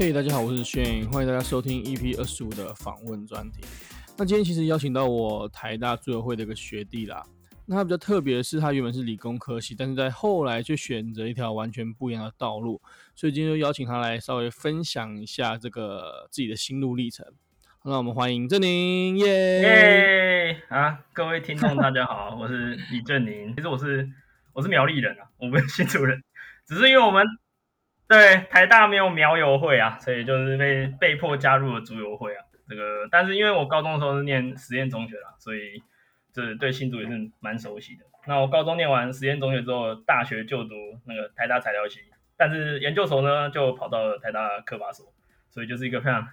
嘿，hey, 大家好，我是軒，歡迎大家收聽 EP 二十五的訪問專題。那今天其實邀請到我台大竹友會的一個學弟啦。那他比較特別的是，他原本是理工科系，但是在後來就選擇一條完全不一樣的道路，所以今天就邀請他來稍微分享一下這個自己的心路歷程。那我們歡迎振寧耶！Yeah! Hey, 啊，各位聽眾大家好， 我是李振寧。其實我是我是苗栗人啊，我不是新竹人，只是因為我們。對台大沒有苗友會啊，所以就是被被迫加入了竹友會啊。這個，但是因為我高中的時候是念實驗中學啦，所以是對新竹也是蠻熟悉的。那我高中念完實驗中學之後，大學就讀那個台大材料系，但是研究所呢就跑到了台大的科法所，所以就是一個非常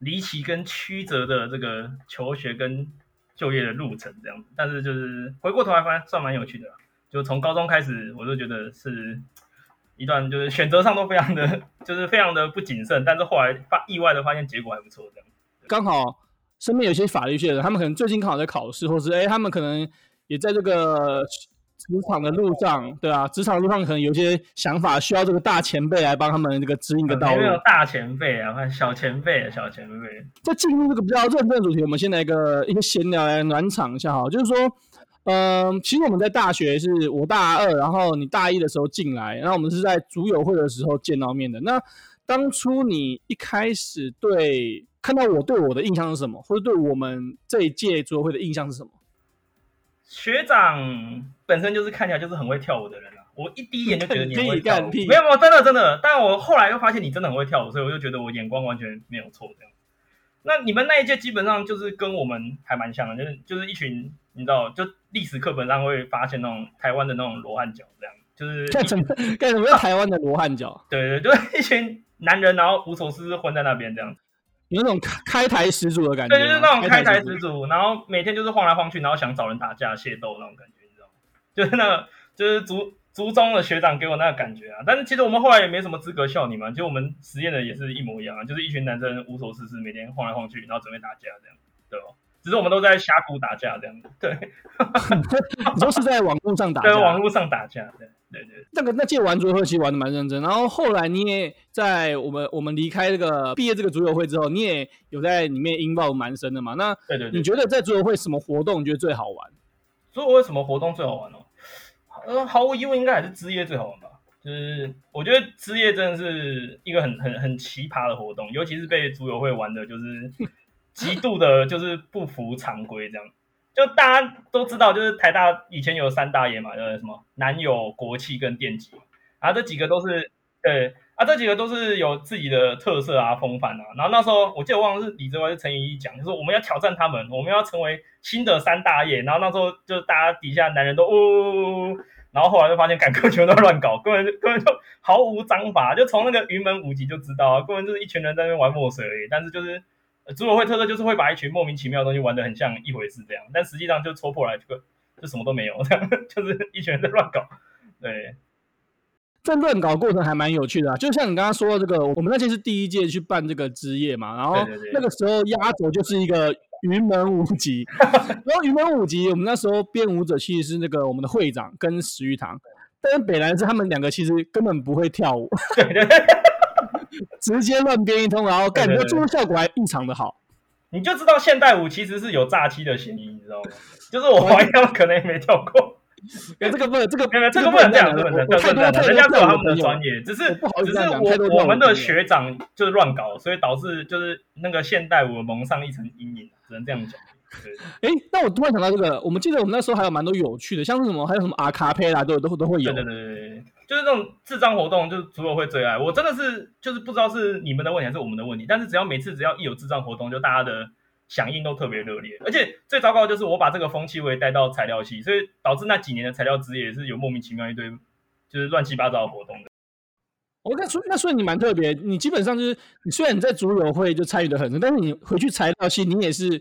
離奇跟曲折的這個求學跟就業的路程這樣子。但是就是回過頭來發現，算蠻有趣的啦。就從高中開始，我就覺得是。一段就是選擇上都非常的，就是非常的不謹慎，但是後來發意外的發現結果還不錯，剛好身邊有些法律界的，他們可能最近剛好在考試，或是哎、欸，他們可能也在這個職場的路上，對吧、啊，職場路上可能有些想法需要這個大前輩來幫他們這個指引個道路。嗯、大前輩啊，或小前輩，小前輩、啊。前在進入這個比較認真的主題，我們先來一個一個閒聊來暖場一下哈，就是說。嗯，其實我們在大學，是我大二，然後你大一的時候進來，然後我們是在竹友會的時候見到面的。那當初你一開始對看到我、對我的印象是什麼，或者對我們這一屆竹友會的印象是什麼？學長本身就是看起來就是很會跳舞的人了、啊，我一第一眼就覺得你很會跳舞，沒有沒有，真的真的。但我後來又發現你真的很會跳舞，所以我就覺得我眼光完全沒有錯。那你們那一屆基本上就是跟我們還蠻像的，就是就是一群，你知道，就歷史課本上會發現那種台灣的那種羅漢腳這樣，就是幹什麼幹什麼叫台灣的羅漢腳？對對對，就是一群男人，然後無所事事混在那邊這樣，有種開台始祖的感覺，對，就是那種開台始祖，始祖然後每天就是晃來晃去，然後想找人打架械鬥那種感覺，你知道嗎？就是那個就是主。初中的學長給我那個感覺啊，但是其實我們後來也沒什麼資格笑你們，就我們實驗的也是一模一樣啊，就是一群男生無所事事，每天晃來晃去，然後準備打架這樣，對哦，只是我們都在峽谷打架這樣，對，都 是在網絡上打架，在網絡上打架，對，對對，對那個那屆玩桌遊會其實玩的蠻認真，然後後來你也在我們我們離開這個畢業這個桌遊會之後，你也有在裡面擁抱蠻深的嘛？那對對，你覺得在桌遊會什麼活動你覺得最好玩？桌遊會什麼活動最好玩呢、哦？呃，毫無疑問，應該還是之夜最好玩吧。就是我覺得之夜真的是一個很很很奇葩的活動，尤其是被竹友會玩的，就是極度的，就是不符常規這樣。就大家都知道，就是台大以前有三大夜嘛，呃、就是，什麼南友、國企跟電機，啊，這幾個都是對啊，這幾個都是有自己的特色啊風範啊。然後那時候我記得我忘了是李志文還是陳怡一講，就是我們要挑戰他們，我們要成為新的三大夜。然後那時候就是大家底下男人都嗚嗚嗚。哦哦哦哦哦然後後來就發現，趕課全部都亂搞，根本就根本就毫無章法。就從那個雲門舞集就知道啊，根本就是一群人在那邊玩墨水。但是就是，組委會特色就是會把一群莫名其妙的東西玩得很像一回事這樣，但實際上就戳破來就，就就什麼都沒有。這樣就是一群人在亂搞。對，這亂搞過程還蠻有趣的啊，就像你剛剛說的這個，我們那天是第一屆去辦這個職業嘛，然後那個時候壓軸就是一個。雲門舞集，哈哈，然後雲門舞集，我們那時候編舞者其實是那個我們的會長跟石玉堂，但是本來是他們兩個，其實根本不會跳舞，哈哈哈。直接亂編一通，然後幹，結果效果還異常的好。你就知道現代舞其實是有詐欺的嫌疑，你知道嗎？就是我懷疑他們可能也沒跳過。哎，這個不能，這個不能，這個不能這樣，不能跳，真的，人家都有他們的專業，只是只是我我們的學長就是亂搞，所以導致就是那個現代舞蒙上一層陰影。只能這樣講。哎、欸，那我突然想到這個，我們記得我們那時候還有蠻多有趣的，像是什麼，還有什麼阿卡佩拉，都都都會有。對對對對，就是那種智障活動，就是竹友會最愛。我真的是就是不知道是你們的問題還是我們的問題，但是只要每次只要一有智障活動，就大家的響應都特別熱烈。而且最糟糕的就是我把這個風氣我也帶到材料系，所以導致那幾年的材料系也是有莫名其妙一堆就是亂七八糟的活動的。我那說，那說你蠻特別，你基本上就是，你雖然你在竹友會就參與的很深，但是你回去材料系你也是，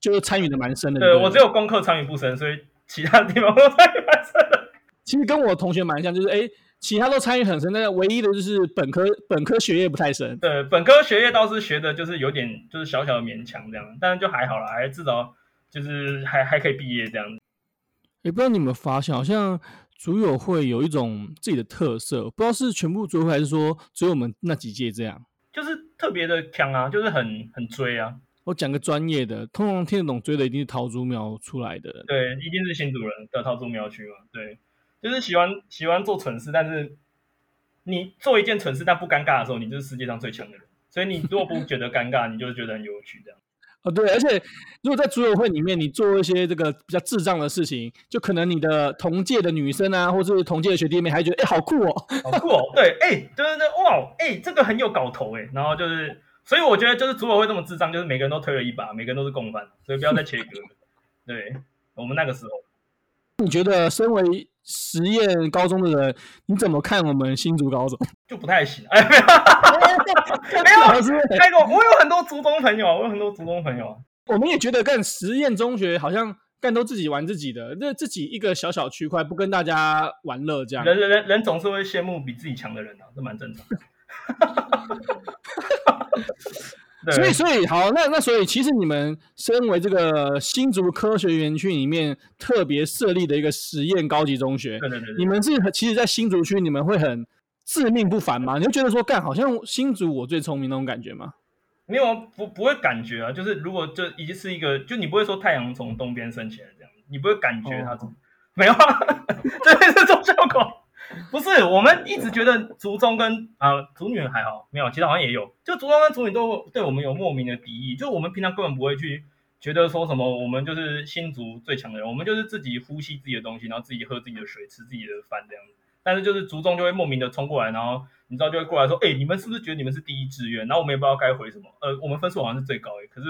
就是參與的蠻深的。對，對，對我只有功課參與不深，所以其他地方都參與蠻深的。其實跟我同學蠻像，就是哎，其他都參與很深，但是唯一的就是本科本科學業不太深。對，本科學業倒是學的，就是有點就是小小的勉強這樣，但是就還好啦，還至少就是還還可以畢業這樣。也不知道你們發現好像，竹友會有一種自己的特色，不知道是全部竹友還是說只有我們那幾屆這樣，就是特別的強啊，就是很很追啊。我講個專業的，通常聽得懂追的一定是桃竹苗出來的，對，一定是新竹人的桃竹苗區嘛，對，就是喜歡喜歡做蠢事，但是你做一件蠢事但不尷尬的時候，你就是世界上最強的人。所以你如果不覺得尷尬， 你就覺得很有趣這樣。啊、哦，對，而且如果在竹友會裡面，你做一些這個比較智障的事情，就可能你的同屆的女生啊，或是同屆的學弟妹，還覺得哎，好酷哦，好酷哦，對，哎，對對對，哇，哎，這個很有搞頭哎，然後就是，所以我覺得就是竹友會這麼智障，就是每個人都推了一把，每個人都是共犯，所以不要再切割。 對我們那個時候，你覺得身為？實驗高中的人，你怎麼看我們新竹高中？就不太行，哎、沒有， 沒有， 我有很多竹中朋友，我有很多竹中朋友。我們也覺得幹實驗中學好像幹都自己玩自己的，那自己一個小小區塊不跟大家玩樂，這樣，人人人總是會羨慕比自己強的人啊，這蠻正常的。 對所以，所以好，那那所以，其實你們身為這個新竹科學園區裡面特別設立的一個實驗高級中學，對對對對，你們是其實，在新竹區，你們會很自命不凡嗎？對對對，你就覺得說，幹好像新竹我最聰明的那種感覺嗎？沒有，不不會感覺啊。就是如果這已經是一個，就你不會說太陽從東邊升起來這樣，你不會感覺它怎麼、哦、沒有啊，真是這種效果。不是，我們一直覺得竹中跟啊竹女還好，沒有其他好像也有，就竹中跟竹女都對我們有莫名的敵意，就我們平常根本不會去覺得說什麼，我們就是新竹最強的人，我們就是自己呼吸自己的東西，然後自己喝自己的水，吃自己的飯這樣子。但是就是竹中就會莫名的衝過來，然後你知道就會過來說，哎，你們是不是覺得你們是第一志願？然後我們也不知道該回什麼，呃，我們分數好像是最高的，可是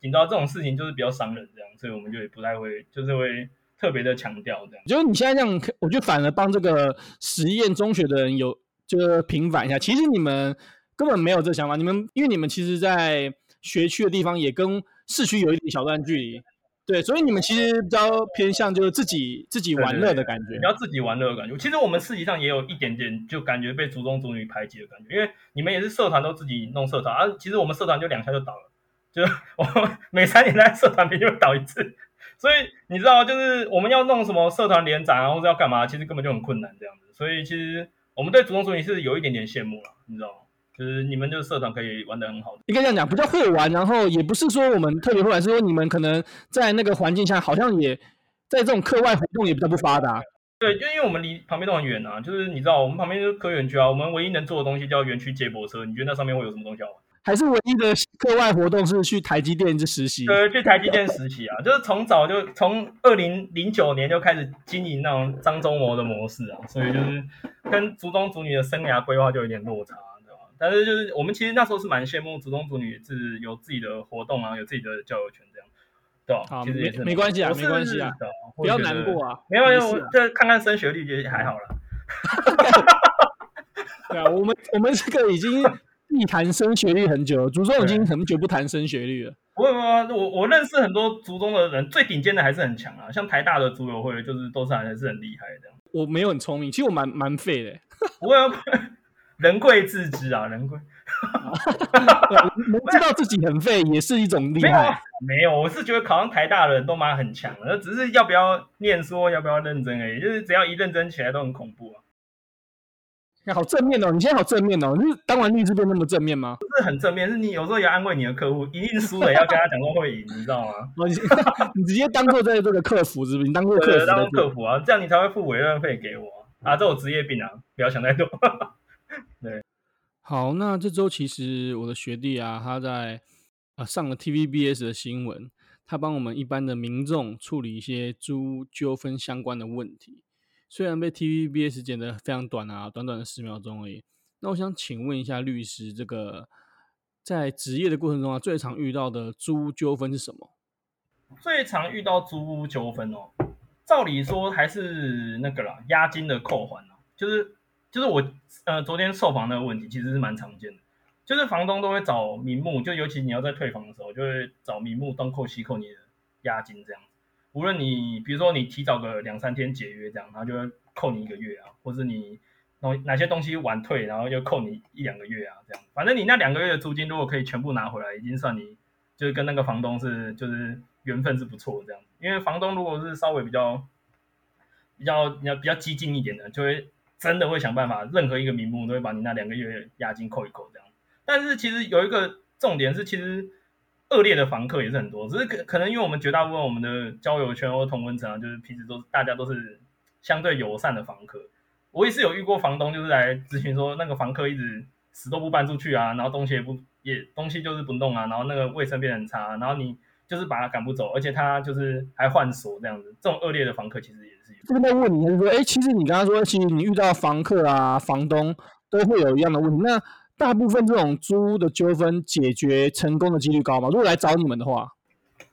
你知道這種事情就是比較傷人這樣，所以我們就也不太會，就是會。特別的強調，這樣就是你現在這樣，我就反而幫這個實驗中學的人有就是平反一下。其實你們根本沒有這個想法，你們因為你們其實，在學區的地方也跟市區有一點小段距離，對，所以你們其實比較偏向就是自己自己玩樂的感覺，比較自己玩樂的感覺。其實我們實際上也有一點點就感覺被竹中竹女排擠的感覺，因為你們也是社團都自己弄社團而、啊、其實我們社團就兩下就倒了，就我每三年那社團別就倒一次。所以你知道，就是我們要弄什麼社團聯展啊，或者要幹嘛，其實根本就很困難這樣子。所以其實我們對主動組你是有一點點羨慕了，你知道嗎？就是你們就是社團可以玩得很好。應該這樣講，比較會玩，然後也不是說我們特別會玩，是說你們可能在那個環境下，好像也在這種課外活動也比較不發達對。對，就因為我們離旁邊都很遠啊。就是你知道，我們旁邊就是科園區啊，我們唯一能做的東西叫園區接駁車。你覺得那上面會有什麼東西要玩？還是唯一的課外活動，是去台積電去實習，對，去台積電實習啊，就是從早就從二零零九年就開始經營那種張忠謀的模式啊，所以就是跟竹中竹女的生涯規劃就有點落差，對吧？但是就是我們其實那時候是蠻羨慕竹中竹女是有自己的活動啊，有自己的交友圈這樣，對吧？其實也沒關係啊，沒關係啊，不要難過啊，沒有，系我這看看升學率也還好了。對啊，我們我們這個已經。你談升學率很久了，竹中已經很久不談升學率了。我有、啊、我我認識很多竹中的人，最頂尖的還是很強啊。像台大的竹友會，就是都是還是很厲害的。我沒有很聰明，其實我蠻蠻廢的、欸。我不會啊，人貴自知啊，人貴。 能知道自己很廢、啊、也是一種厲害沒。沒有，我是覺得考上台大的人都蠻很強的，只是要不要念書，要不要認真而已。就是只要一認真起來，都很恐怖。啊、好正面哦！你現在好正面哦！你是當完律師變那麼正面嗎？不是很正面，是你有時候也安慰你的客戶，一定是輸了要跟他講說會贏， 你知道嗎？ 你直接當過在這個客服，是不是？你當過客對當過客服啊，這樣你才會付委任費給我啊！嗯、啊這種職業病啊，不要想太多。 對，好，那這週其實我的學弟啊，他在、呃、上了 TVBS 的新聞，他幫我們一般的民眾處理一些租糾紛相關的問題。雖然被 TVBS 剪得非常短啊，短短的十秒鐘而已。那我想請問一下律師，這個在執業的過程中啊，最常遇到的租屋糾紛是什麼？最常遇到租屋糾紛哦，照理說還是那個啦，押金的扣還哦，就是就是我呃昨天受訪那個問題，其實是蠻常見的，就是房東都會找名目，就尤其你要在退房的時候，就會找名目東扣西扣你的押金這樣。無論你比如說你提早個兩三天解約這樣，然後就扣你一個月啊，或是你哪哪些東西晚退，然後又扣你一兩個月啊，這樣。反正你那兩個月的租金如果可以全部拿回來，已經算你就是跟那個房東是就是緣分是不錯這樣。因為房東如果是稍微比較比較比較激進一點的，就會真的會想辦法，任何一個名目都會把你那兩個月的押金扣一扣這樣。但是其實有一個重點是，其實。惡劣的房客也是很多，只是可可能因為我們絕大部分我們的交友圈或同溫層啊，就是平時都大家都是相對友善的房客。我也是有遇過房東就是來諮詢說，那個房客一直死都不搬出去啊，然後東西也不也東西就是不動啊，然後那個衛生變得很差，然後你就是把他趕不走，而且他就是還換鎖這樣子。這種惡劣的房客其實也是有。這個問題就是說，哎、欸，其實你剛剛說，其實你遇到房客啊、房東都會有一樣的問題，那，大部分這種租的糾紛解決成功的幾率高嗎？如果來找你們的話，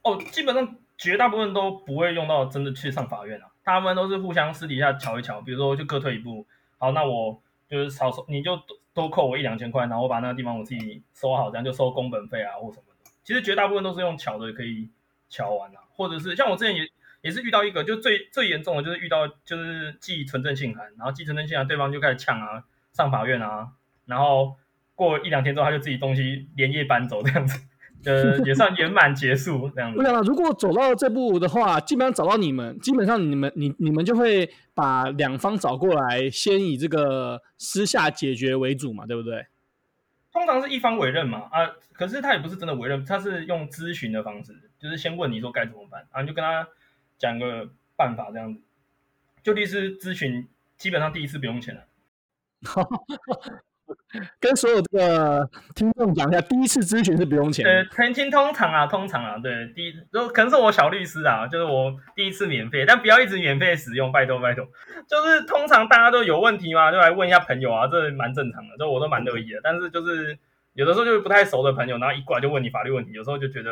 哦，基本上絕大部分都不會用到真的去上法院啊，大部分都是互相私底下喬一喬，比如說就各退一步，好，那我就是少收，你就多扣我一兩千塊，然後我把那個地方我自己收好，這樣就收工本費啊或什麼的。其實絕大部分都是用喬的可以喬完啊，或者是像我之前也也是遇到一個，就最最嚴重的就是遇到就是寄存證信函，然後寄存證信函對方就開始嗆啊，上法院啊，然後。過一兩天之後，他就自己東西連夜搬走，這樣子，也算圓滿結束這樣子。 我想，如果走到這步的話，基本上找到你們，基本上你們，你你們就會把兩方找過來，先以這個私下解決為主嘛，對不對？通常是一方委任嘛，啊，可是他也不是真的委任，他是用諮詢的方式，就是先問你說該怎麼辦，然、啊、你就跟他講個辦法這樣子。就律師諮詢，基本上第一次不用錢的。 跟所有這個聽眾講一下，第一次諮詢是不用錢。呃，澄清通常啊，通常啊，對，第一，可能是我小律師啊，就是我第一次免費，但不要一直免費使用，拜託拜託。就是通常大家都有問題嘛，就來問一下朋友啊，這蠻正常的，這我都蠻樂意的。但是就是有的時候就是不太熟的朋友，然後一過來就問你法律問題，有時候就覺得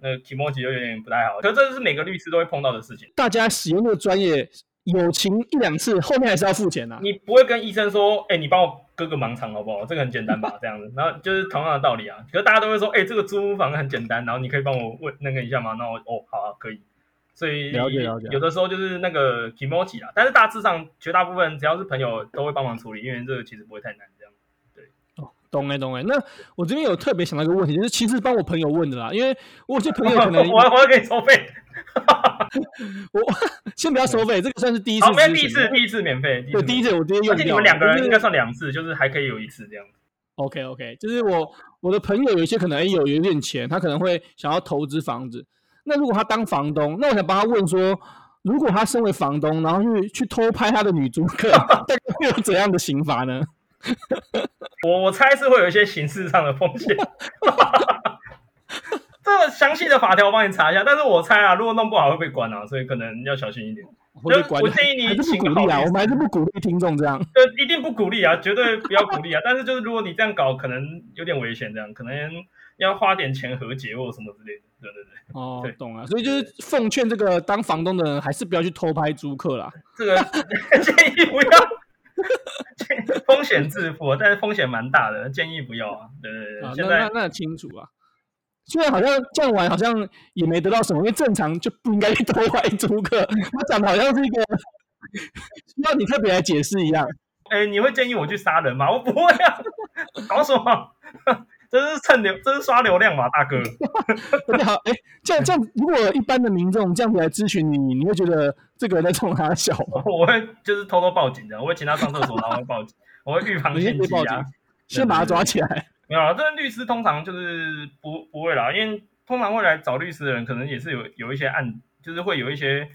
那 Kimochi 就有點不太好。可是這就是每個律師都會碰到的事情。大家使用的專業友情一兩次，後面還是要付錢的、啊。你不會跟醫生說，哎、欸，你幫我。這個盲場好不好？這個很簡單吧，這樣子， 然後就是同樣的道理啊。可是大家都會說，哎、欸，這個租房很簡單，然後你可以幫我問那個一下嗎？那我哦，好啊，可以。所以了解了解了。有的時候就是那個 e m，但是大致上絕大部分只要是朋友都會幫忙處理，因為這個其實不會太難，這樣子。對哦，懂哎、欸、懂哎、欸。那我這邊有特別想到一個問題，就是其實幫我朋友問的啦，因為我這朋友可能我 我要給你收費。 我先不要收費，嗯、這個算是第一次，好，第一次，第一次免費，第一次，我第一次我用，而且你們兩個人應該算兩次，就是還可以有一次這樣子。OK，OK，okay, okay. 就是我我的朋友有一些可能有有一點錢，他可能會想要投資房子。那如果他當房東，那我想幫他問說，如果他身為房東，然後去去偷拍他的女租客， 大概會有怎樣的刑罰呢？ 我我猜是會有一些刑事上的風險。 這個詳細的法條我幫你查一下，但是我猜啊，如果弄不好會被關啊，所以可能要小心一點。我我建議你還是不鼓勵啊，我們還是不鼓勵聽眾這樣，就一定不鼓勵啊，絕對不要鼓勵啊。 但是就是如果你這樣搞，可能有點危險，這樣可能要花點錢和解或什麼之類的。對對對，哦，對懂了。所以就是奉勸這個當房東的人，還是不要去偷拍租客啦。這個 建議不要，風險自負，但是風險蠻大的，建議不要啊。啊對對對，哦、現在那那，那清楚啊。雖然好像這樣玩好像也沒得到什麼，因為正常就不應該去偷拍租客。他講的好像是一個需要你特別來解釋一樣。哎、欸，你會建議我去殺人嗎？我不會啊，搞什麼？這是蹭流，這是刷流量嘛，大哥。欸、好，哎、欸，這樣這樣，如果一般的民眾這樣子來諮詢你，你會覺得這個人在衝他笑嗎？我會就是偷偷報警的，我會請他上廁所， 然後我會報警，我會預防性、啊、報警，對對對，先把他抓起來。沒有啊，這律師通常就是不不會啦，因為通常會來找律師的人，可能也是有有一些案，就是會有一些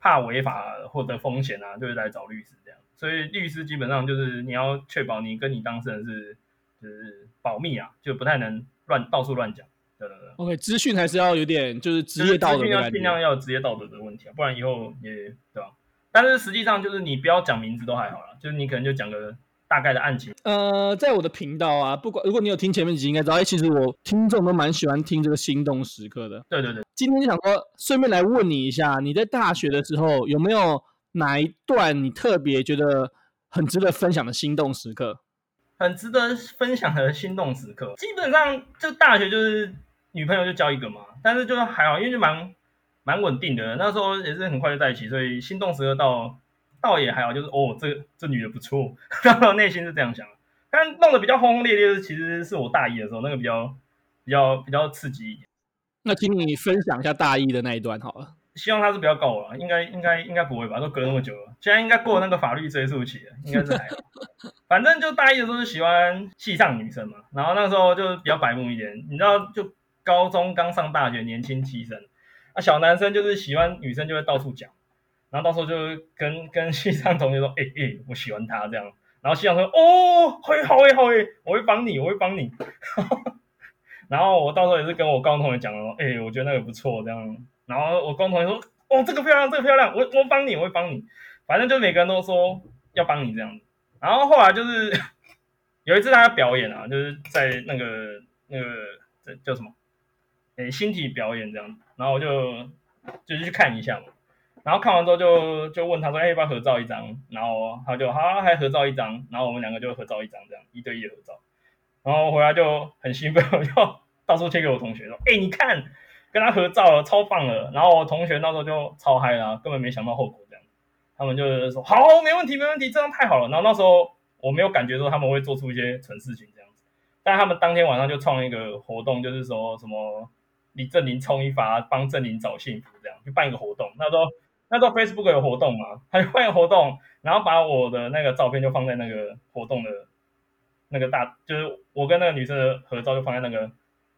怕違法或、啊、者風險啊，就是來找律師這樣，所以律師基本上就是你要確保你跟你當事人是、就是保密啊，就不太能亂到處亂講，對對對。OK，資訊還是要有點就是職業道德，資訊要盡量要有職業道德的問題啊，不然以後也對吧？但是實際上就是你不要講名字都還好啦，就是你可能就講個。大概的案情，呃，在我的頻道啊，不管如果你有聽前面幾集，應該知道，哎、欸，其實我聽眾都蠻喜歡聽這個心動時刻的。對對對，今天就想說，順便來問你一下，你在大學的時候有沒有哪一段你特別覺得很值得分享的心動時刻？很值得分享的心動時刻，基本上這個大學就是女朋友就交一個嘛，但是就是還好，因為就蠻蠻穩定的，那時候也是很快就在一起，所以心動時刻到。倒也還好，就是哦，這這女的不錯，內 心是這樣想的。但弄得比較轟轟烈烈的，其實是我大一的時候，那個比較比較比較刺激一點。那請你分享一下大一的那一段好了。希望他是不要告我了，應該應該應該不會吧？都隔了那麼久了，現在應該過那個法律追訴期應該是還好。 反正就大一的時候是喜歡系上女生嘛，然後那時候就比較白目一點，你知道，就高中剛上大學，年輕氣盛，啊，小男生就是喜歡女生就會到處講。然後到時候就跟跟系上同學說，哎、欸、哎、欸，我喜歡他這樣。然後系上說，哦，好耶好耶好耶，我會幫你，我會幫你。 然後我到時候也是跟我高中同學講了，哎、欸，我覺得那個不錯這樣。然後我高中同學說，哦，這個漂亮，這個漂亮，我我幫你，我會幫你。反正就每個人都說要幫你這樣。然後後來就是有一次他要表演啊，就是在那個那個叫什麼，哎、欸，新體表演這樣。然後我就就是去看一下嘛。然後看完之後就就問他說，哎、欸，要不要合照一張？然後他就，好、啊，還合照一張。然後我們兩個就合照一張，這樣一對一的合照。然後回來就很興奮，就到處貼給我同學說，哎、欸，你看，跟他合照了，超棒了。然後我同學那時候就超嗨啦，根本沒想到後果這樣。他們就是說，好，沒問題，沒問題，這樣太好了。然後那時候我沒有感覺說他們會做出一些蠢事情這樣子，但他們當天晚上就創一個活動，就是說什麼李振寧衝一發，幫振寧找幸福這樣，就辦一個活動。那時候。那時候 Facebook 有活動嘛，還有會有活動，然後把我的那個照片就放在那個活動的，那個大就是我跟那個女生的合照就放在那個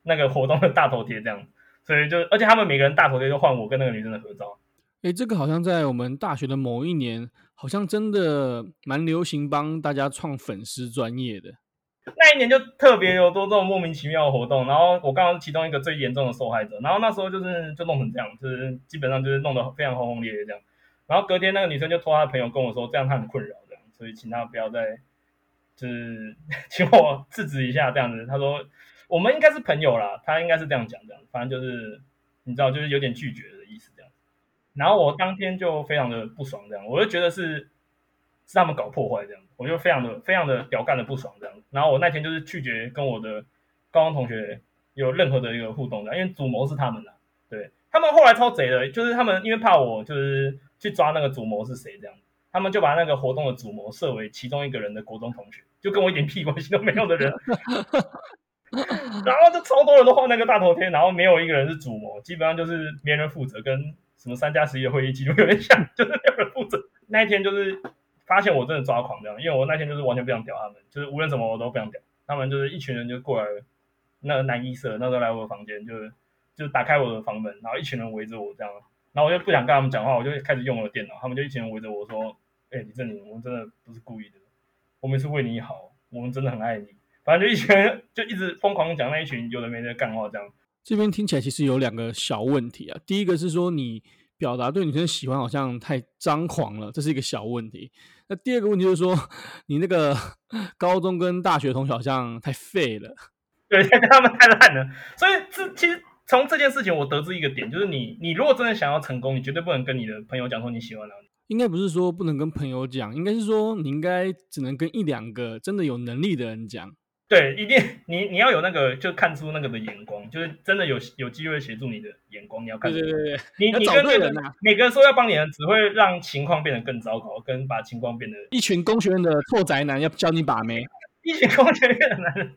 那個活動的大頭貼這樣，所以就而且他們每個人大頭貼都換我跟那個女生的合照。誒、欸，這個好像在我們大學的某一年，好像真的蠻流行幫大家創粉絲專頁的。那一年就特別有多這種莫名其妙的活動，然後我剛好是其中一個最嚴重的受害者，然後那時候就是就弄成這樣，就是基本上就是弄得非常轟轟烈烈這樣，然後隔天那個女生就托她朋友跟我說，這樣她很困擾這樣，所以請她不要再，就是請我制止一下這樣子。她說我們應該是朋友啦，她應該是這樣講這樣，反正就是你知道就是有點拒絕的意思這樣，然後我當天就非常的不爽這樣，我就覺得是。是他們搞破壞這樣，我就非常的非常的屌幹的不爽這樣，然後我那天就是拒絕跟我的高中同學有任何的一個互動，因為主謀是他們的、啊，對他們後來超賊的，就是他們因為怕我就是去抓那個主謀是誰這樣，他們就把那個活動的主謀設為其中一個人的國中同學，就跟我一點屁關係都沒有的人， 然後就超多人都畫那個大頭貼，然後沒有一個人是主謀，基本上就是沒人負責，跟什麼三加十一的會議記錄有點像，就是沒有人負責，那一天就是發現我真的抓狂這樣，因為我那天就是完全不想屌他們，就是無論什麼我都不想屌他們，就是一群人就過來了，那個男一舍那時候來我的房間，就是就打開我的房門，然後一群人圍着我這樣，然後我就不想跟他們講話，我就開始用我的電腦，他們就一群人圍着我說，哎、欸，李振寧，我們真的不是故意的，我們是為你好，我們真的很愛你，反正就一群人就一直瘋狂講那一群有的沒的幹話這樣。這邊聽起來其實有兩個小問題啊，第一個是說你。表達對女生喜歡好像太張狂了，這是一個小問題。那第二個問題就是說，你那個高中跟大學同學好像太廢了，對，他們太爛了。所以這其實從這件事情我得知一個點，就是你，你如果真的想要成功，你絕對不能跟你的朋友講說你喜歡哪裡。應該不是說不能跟朋友講，應該是說你應該只能跟一兩個真的有能力的人講。對，一定你你要有那個，就看出那個的眼光，就是真的有有機會協助你的眼光，你要看出。對對對，你要找對人啊，你跟那個，每個人說要幫你的，只會讓情況變得更糟糕，跟把情況變得。一群工學院的臭宅男要教你把妹？一群工學院的男人，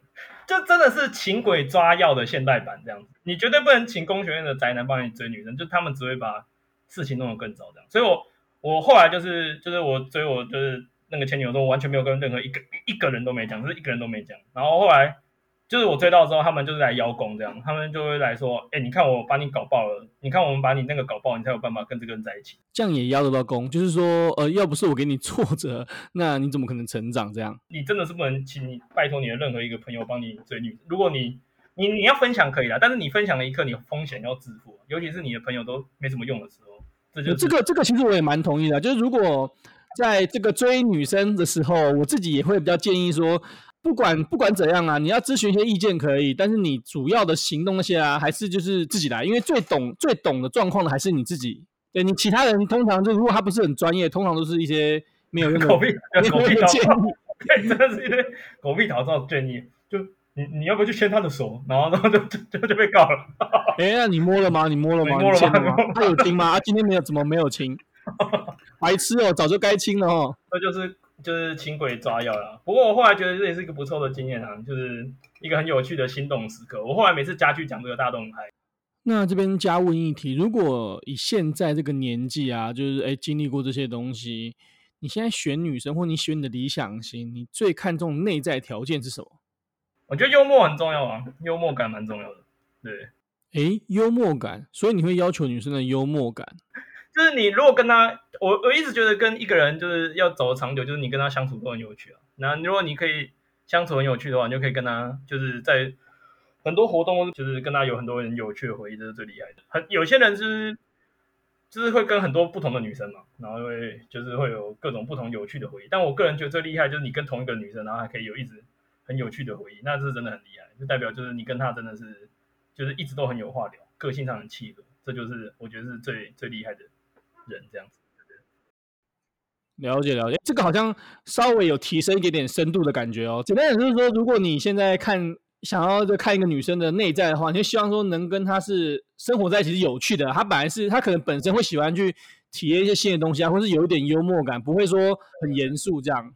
就真的是請鬼抓藥的現代版這樣子。你絕對不能請工學院的宅男幫你追女人，就他們只會把事情弄得更糟這樣。所以我我後來就是就是我追我就是。那個前女友，我完全沒有跟任何一個一個人都沒講，就是一個人都沒講。然後後來就是我追到之後，他們就是來邀功這樣，他們就會來說：“哎、欸，你看我把你搞爆了，你看我們把你那個搞爆，你才有辦法跟這個人在一起。”這樣也邀得到功，就是說，呃，要不是我給你挫折，那你怎麼可能成長？這樣你真的是不能，請你拜托你的任何一個朋友幫你追女。如果你你你要分享可以啦，但是你分享的一刻，你風險要自負，尤其是你的朋友都沒什麼用的時候，這就是、這個這個其實我也蠻同意的、啊，就是如果。在這個追女生的時候，我自己也會比較建議說，不管不管怎樣啊，你要諮詢一些意見可以，但是你主要的行動那些啊，還是就是自己來，因為最懂最懂的狀況的還是你自己。對，你其他人通常就如果他不是很專業，通常都是一些沒有用的狗屁建議，真的是因為狗屁打造的建議，就你你要不要去牽他的手，然後然後就就就被告了。哎呀，你摸了嗎？你摸了嗎？你牽了嗎？他有親嗎？他今天沒有，怎麼沒有親？ 白痴哦、喔，早就該清了哦、喔。那 就是就是請鬼抓藥了。不過我後來覺得這也是一個不錯的經驗啊，就是一個很有趣的心動時刻。我後來每次加劇講這個，大動態，那這邊加問一題：如果以現在這個年紀啊，就是哎經歷過這些東西，你現在選女生或你選你的理想型，你最看重內在條件是什麼？我覺得幽默很重要啊，幽默感蠻重要的。對，哎，幽默感，所以你會要求女生的幽默感。就是你如果跟他，我我一直覺得跟一個人就是要走得長久，就是你跟他相處都很有趣啊。那如果你可以相處很有趣的話，你就可以跟他就是在很多活動，就是跟他有很多人有趣的回憶，這是最厲害的。很有些人、就是就是會跟很多不同的女生嘛，然後因為就是會有各種不同有趣的回憶。但我個人覺得最厲害就是你跟同一個女生，然後還可以有一直很有趣的回憶，那這是真的很厲害，就代表就是你跟他真的是就是一直都很有話聊，個性上很契合，這就是我覺得是最最厲害的。人這樣子，了解了解、欸，這個好像稍微有提升一點點深度的感覺哦、喔。簡單點就是說，如果你現在看想要就看一個女生的內在的話，你就希望說能跟她是生活在一起是有趣的。她本來是她可能本身會喜歡去體驗一些新的東西、啊，或者是有一點幽默感，不會說很嚴肅這樣。嗯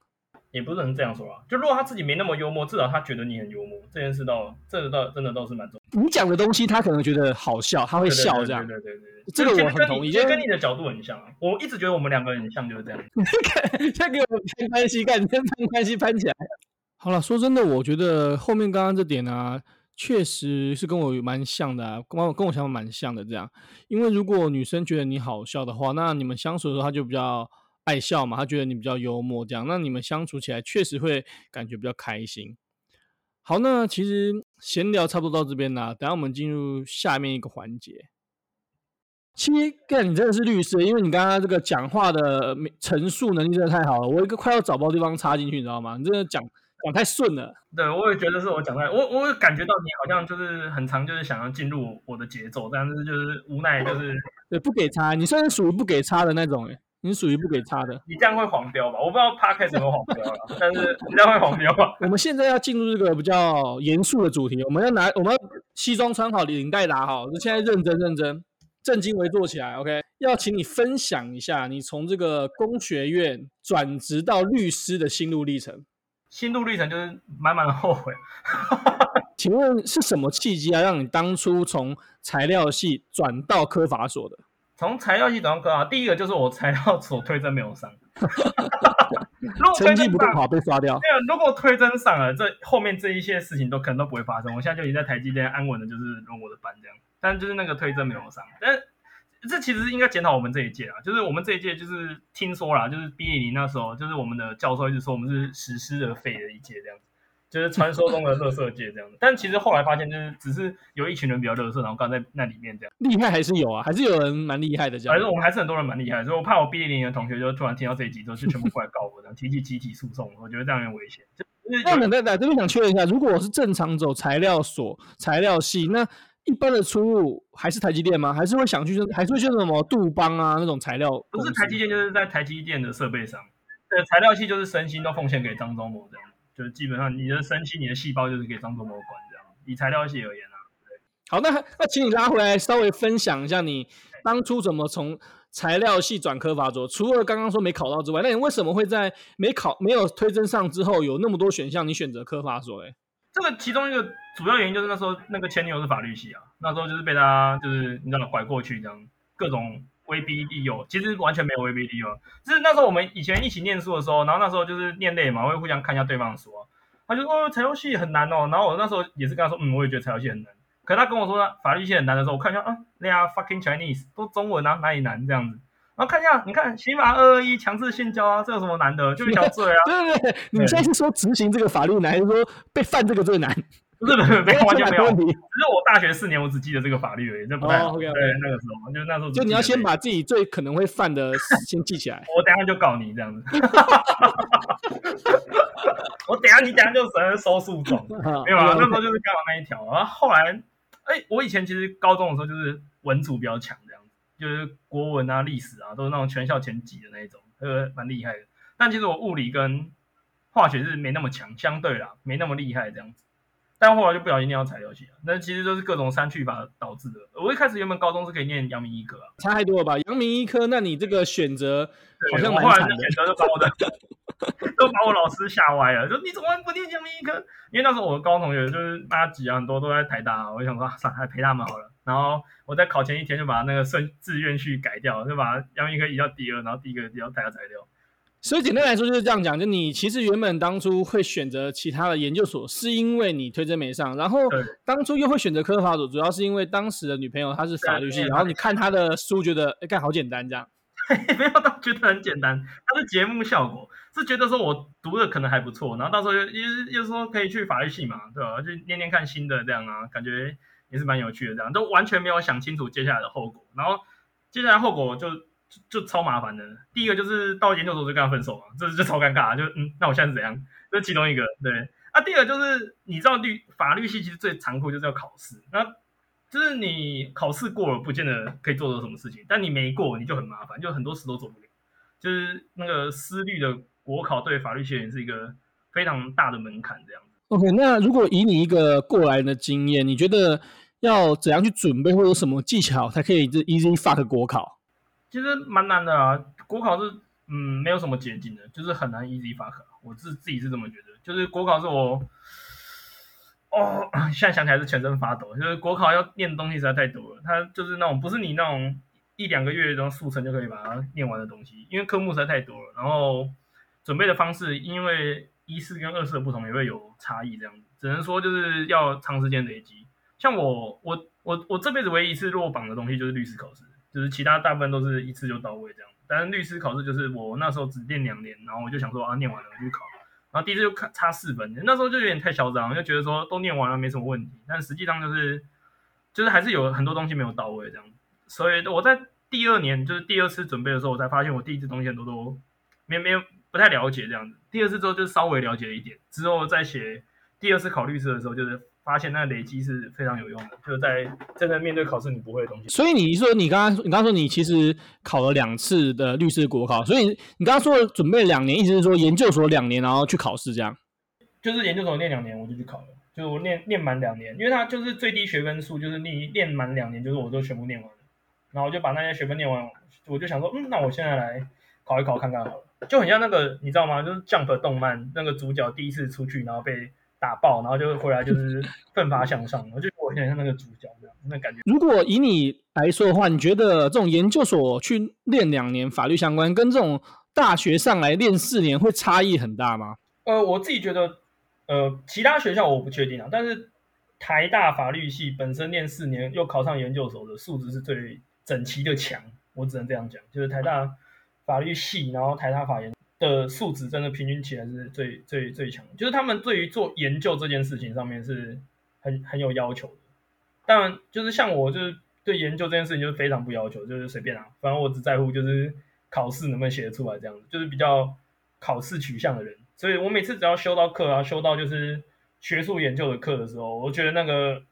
也不是能這樣說啊，就如果他自己沒那麼幽默，至少他覺得你很幽默，這件事倒這個倒真的倒,倒,倒是蠻重要。你講的東西他可能覺得好笑，他會笑這樣。對對對,對,對,對,對,對,對,對這個我很同意。覺得跟你的角度很像、啊，我一直覺得我們兩個人很像就是這樣。再 給我攀關係，看攀關係攀起來了。 好了，說真的，我覺得後面剛剛這點啊，確實是跟我蠻像的、啊，跟跟我想法蠻像的這樣。因為如果女生覺得你好笑的話，那你們相處的時候，他就比較。愛笑嘛，他覺得你比較幽默，這樣那你們相處起來確實會感覺比較開心。好，那其實閒聊差不多到這邊啦，等一下我們進入下面一個環節。其實你真的是律師，因為你剛剛這個講話的陳述能力真的太好了，我一個快要找不到地方插進去，你知道嗎？你真的講講太順了。對，我也覺得是我講太，我我感覺到你好像就是很常，就是想要進入我的節奏，但是就是無奈就是對不給插，你雖然屬於不給插的那種。你屬於不給差的，你這樣會黃標吧？我不知道 p 開什麼黃標 但是你這樣會黃標吧？我們現在要進入這個比較嚴肅的主題，我們要拿，我們要西裝穿好，領帶打好，就現在認真認真，正襟危坐起來。OK，要請你分享一下你從這個工學院轉職到律師的心路歷程。心路歷程就是滿滿的後悔。 請問是什麼契機啊，讓你當初從材料系轉到科法所的？從材料系統上啊，第一個就是我材料所推甄沒有上，哈哈哈哈哈。如果推甄上成績不考好被刷掉沒有，如果推甄上了，這後面這一些事情都可能都不會發生。我現在就已經在台積電安穩的，就是輪我的班這樣。但就是那個推甄沒有上，但這其實應該檢討我們這一屆啊。就是我們這一屆，就是聽說啦，就是畢業年那時候，就是我們的教授一直說我們是“實施而廢”的一屆這樣。就是傳說中的樂色界這樣子，但其實後來發現，就是只是有一群人比較樂色，然後剛在那裡面這樣。厲害還是有啊，還是有人蠻厲害的這樣，還、啊就是我們還是很多人蠻厲害的，所以我怕我畢業那年的同學就突然聽到這一集之後就全部過來告我，然後提起集體訴訟，我覺得這樣有點危險。就是那這邊想確認一下，如果我是正常走材料所、材料系，那一般的出路還是台積電嗎？還是會想去，還是會去什麼杜邦啊那種材料？不是台積電，就是在台積電的設備上。呃，材料系就是身心都奉獻給張忠謀這樣。就基本上你的身體你的細胞就是可以當做模管這樣。以材料系而言啊，對。好，那那請你拉回來稍微分享一下你當初怎麼從材料系轉科法所？對除了剛剛說沒考到之外，那你為什麼會在沒考沒有推甄上之後有那麼多選項？你選擇科法所？哎，這個其中一個主要原因就是那時候那個前女友是法律系啊，那時候就是被他就是你讓他拐過去這樣各種。威逼利誘哦， 其實完全沒有威逼利誘哦，就是那時候我們以前一起念書的時候，然後那時候就是念累嘛，我會互相看一下對方的書，他就說材料系很難哦，然後我那時候也是跟他說，嗯，我也覺得材料系很難。可是他跟我說法律系很難的時候，我看一下啊，那 fucking、啊、Chinese 都中文啊，哪裡難這樣子？然後看一下，你看刑法二二一強制性交啊，這有什麼難的？就一條罪啊。 對對，你現在是說執行這個法律難，還是說被犯這個罪難？日本 沒有問沒有只是我大學四年，我只記得這個法律而已，就不太好、oh, okay, okay. 對，那個時候，就那時候，就你要先把自己最可能會犯的先記起來。 我等一下就告你這樣子。 我等一下你等一下就只能收訴狀。 沒有啊， 那時候就是剛好那一條、啊、Okay. 然後後來，哎、欸，我以前其實高中的時候就是文組比較強，這樣子，就是國文啊、歷史啊，都是那種全校前幾的那一種，呃，蠻厲害的。但其實我物理跟化學是沒那麼強，相對啦，沒那麼厲害這樣子。但後來就不小心念到材料系了，那其實就是各種刪去法導致的。我一開始原本高中是可以念陽明醫科、啊、差太多了吧？陽明醫科，那你這個選擇好像蠻慘的。我後來的選擇就把我的，都 把我老師嚇歪了，說你怎麼不念陽明醫科？因為那時候我的高中同學就是大家擠啊，很多都在台大，我就想說，上、啊、海陪他們好了。然後我在考前一天就把那個順志願序改掉，就把陽明醫科移到第二，然後第一個要帶大材料。所以簡單來說就是這樣講，就你其實原本當初會選擇其他的研究所，是因為你推甄沒上，然後當初又會選擇科法所，主要是因為當時的女朋友她是法律系，對對對，然後你看她的書覺得，哎，蓋、欸、好簡單這樣，沒有，當覺得很簡單，她的節目效果是覺得說我讀的可能還不錯，然後到時候又又說可以去法律系嘛，對吧、啊？就念念看新的這樣啊，感覺也是蠻有趣的這樣，都完全沒有想清楚接下來的後果，然後接下來後果就。就超麻煩的。第一個就是到研究所就跟他分手了，這就，就超尷尬。就嗯，那我現在是怎樣？這其中一個。對啊，第二就是你知道律法律系其實最殘酷就是要考試。那就是你考試過了，不見得可以做到什麼事情；但你沒過，你就很麻煩，就很多事都做不了。就是那個司律的國考，對法律系人是一個非常大的門檻，這樣子。OK，那如果以你一個過來人的經驗，你覺得要怎樣去準備，或者什麼技巧，才可以就 easy fuck 國考？其實蠻難的啊，國考是嗯沒有什麼捷徑的，就是很難 easy pass，我自自己是這麼覺得，就是國考是我哦，現在想起來是全身發抖，就是國考要念的東西實在太多了。它就是那種不是你那種一兩個月那種速成就可以把它念完的東西，因為科目實在太多了。然後準備的方式，因為一試跟二試的不同也會有差異，這樣子，只能說就是要長時間累積。像我我我我這輩子唯一一次落榜的東西就是律師考試。就是其他大部分都是一次就到位這樣，但是律師考試就是我那時候只念兩年，然後我就想說，啊，念完了我就考，然後第一次就差四分，那時候就有點太囂張，就覺得說都念完了沒什麼問題，但實際上就是就是還是有很多東西沒有到位這樣，所以我在第二年，就是第二次準備的時候，我才發現我第一次東西很多都沒沒不太了解這樣子，第二次之後就稍微了解了一點，之後再寫第二次考律師的時候就是。發現那累積是非常有用的，就是在真正面對考試你不會的東西。所以你說你剛剛，你剛剛說你其實考了兩次的律師國考，所以你，你剛剛說準備兩年，意思是說研究所兩年，然後去考試這樣？就是研究所念兩年，我就去考了，就是我念念滿兩年，因為他就是最低學分數就是念念滿兩年，就是我都全部念完，然後就把那些學分念完，我就想說，嗯，那我現在來考一考看看好了，就很像那個你知道嗎？就是 jump 動漫那個主角第一次出去，然後被。打爆，然後就回來，就是奮發向上，我、嗯、就我有點，點像那個主角這樣，那感覺。如果以你來說的話，你覺得這種研究所去練兩年法律相關，跟這種大學上來練四年，會差異很大嗎？呃，我自己覺得，呃，其他學校我不確定啊，但是台大法律系本身練四年又考上研究所的素質是最整齊的強，我只能這樣講，就是台大法律系，然後台大法研。的素質真的平均起來是最最最強，就是他們對於做研究這件事情上面是很很有要求的。當然，就是像我就是對研究這件事情就是非常不要求，就是隨便啊，反正我只在乎就是考試能不能寫得出來這樣子，就是比較考試取向的人。所以我每次只要修到課啊，修到就是學術研究的課的時候，我覺得那個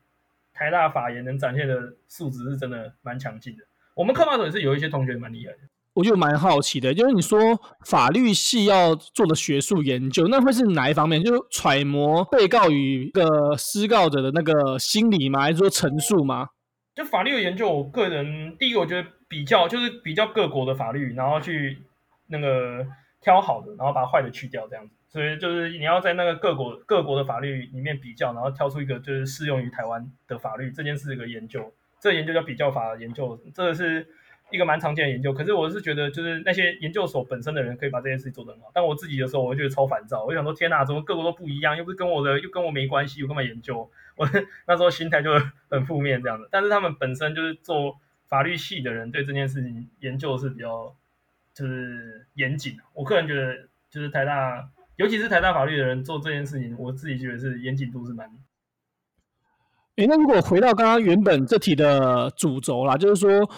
台大法研能展現的素質是真的蠻強勁的。我們科法組也是有一些同學蠻厲害的。我就蠻好奇的，就是你說法律系要做的學術研究，那會是哪一方面？就揣摩被告與個施告者的那個心理嗎？還是說陳述嗎？就法律的研究，我個人第一個，我覺得比較就是比較各國的法律，然後去那個挑好的，然後把壞的去掉這樣子。所以就是你要在那個各國各國的法律裡面比較，然後挑出一個就是適用於台灣的法律。這件事的研究，這個研究叫比較法研究，這個是。一個蠻常見的研究，可是我是覺得，就是那些研究所本身的人可以把這件事情做得很好。但我自己的時候，我就覺得超煩躁。我就想說，天哪，怎麼個個都不一樣，又不是跟我的，又跟我沒關係，我幹嘛研究？我那時候心態就很負面，這樣子。但是他們本身就是做法律系的人，對這件事情研究是比較就是嚴謹。我個人覺得，就是台大，尤其是台大法律的人做這件事情，我自己覺得是嚴謹度是蠻。哎、欸，那如果回到剛剛原本這題的主軸啦，就是說。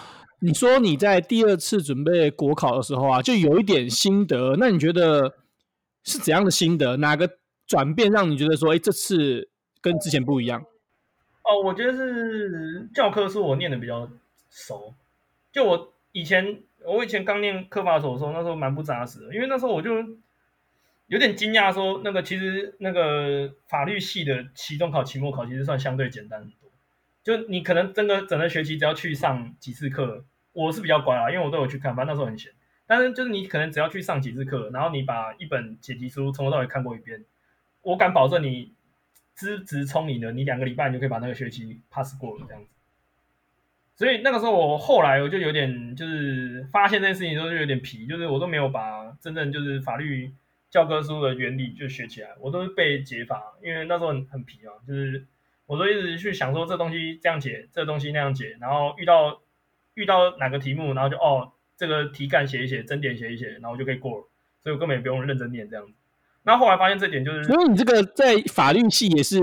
你說你在第二次準備國考的時候啊，就有一點心得，那你覺得是怎樣的心得？哪個轉變讓你覺得說，哎，這次跟之前不一樣？哦，我覺得是教科書我念的比較熟。就我以前，我以前剛念科法所的時候，說那時候蠻不紮實的，因為那時候我就有點驚訝說，說那個其實那個法律系的期中考、期末考其實算相對簡單很多。就你可能真的整個學期只要去上幾次課。我是比較乖啊，因為我都有去看，反正那時候很閒。但是就是你可能只要去上幾次課，然後你把一本解題書從頭到尾看過一遍，我敢保證你資質聰穎的，你兩個禮拜你就可以把那個學期 pass 過了這樣子。所以那個時候我後來我就有點就是發現這件事情，就是有點皮，就是我都沒有把真正就是法律教科書的原理就學起來，我都是背解法，因為那時候很很皮啊，就是我都一直去想說這東西這樣解，這東西那樣解，然後遇到。遇到哪個題目，然後就哦，這個題幹寫一寫，爭點寫一寫，然後就可以過了，所以我根本也不用認真念這樣子。那後，後來發現這點就是，因為你這個在法律系也是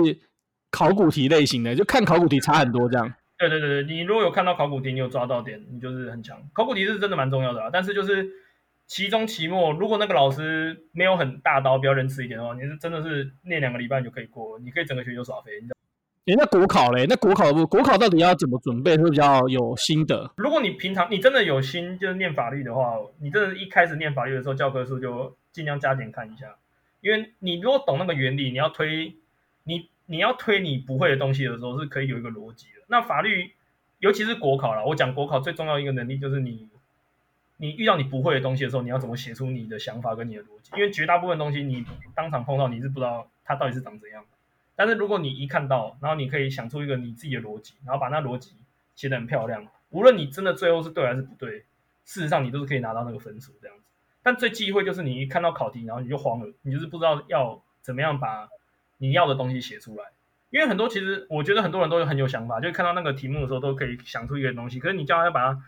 考古題類型的，就看考古題差很多這樣。對對對，你如果有看到考古題，你有抓到點，你就是很強。考古題是真的蠻重要的啊，但是就是期中期末，如果那個老師沒有很大刀，比較仁慈一點的話，你是真的是念兩個禮拜你就可以過了，你可以整個學期耍廢。你知道哎、欸，那國考嘞？那國考國考到底要怎麼準備？會比較有心得？如果你平常你真的有心，就是念法律的話，你真的一開始念法律的時候，教科書就盡量加減看一下。因為你如果懂那個原理，你要推你你要推你不會的東西的時候，是可以有一個邏輯的。那法律尤其是國考了，我講國考最重要一個能力就是你你遇到你不會的東西的時候，你要怎麼寫出你的想法跟你的邏輯？因為絕大部分東西你，你當場碰到，你是不知道它到底是長怎樣的。但是如果你一看到，然後你可以想出一個你自己的邏輯，然後把那邏輯寫得很漂亮，無論你真的最後是對還是不對，事實上你都是可以拿到那個分數這樣子。但最忌諱就是你一看到考題，然後你就慌了，你就是不知道要怎麼樣把你要的東西寫出來。因為很多其實我覺得很多人都有很有想法，就看到那個題目的時候都可以想出一個東西。可是你叫他把它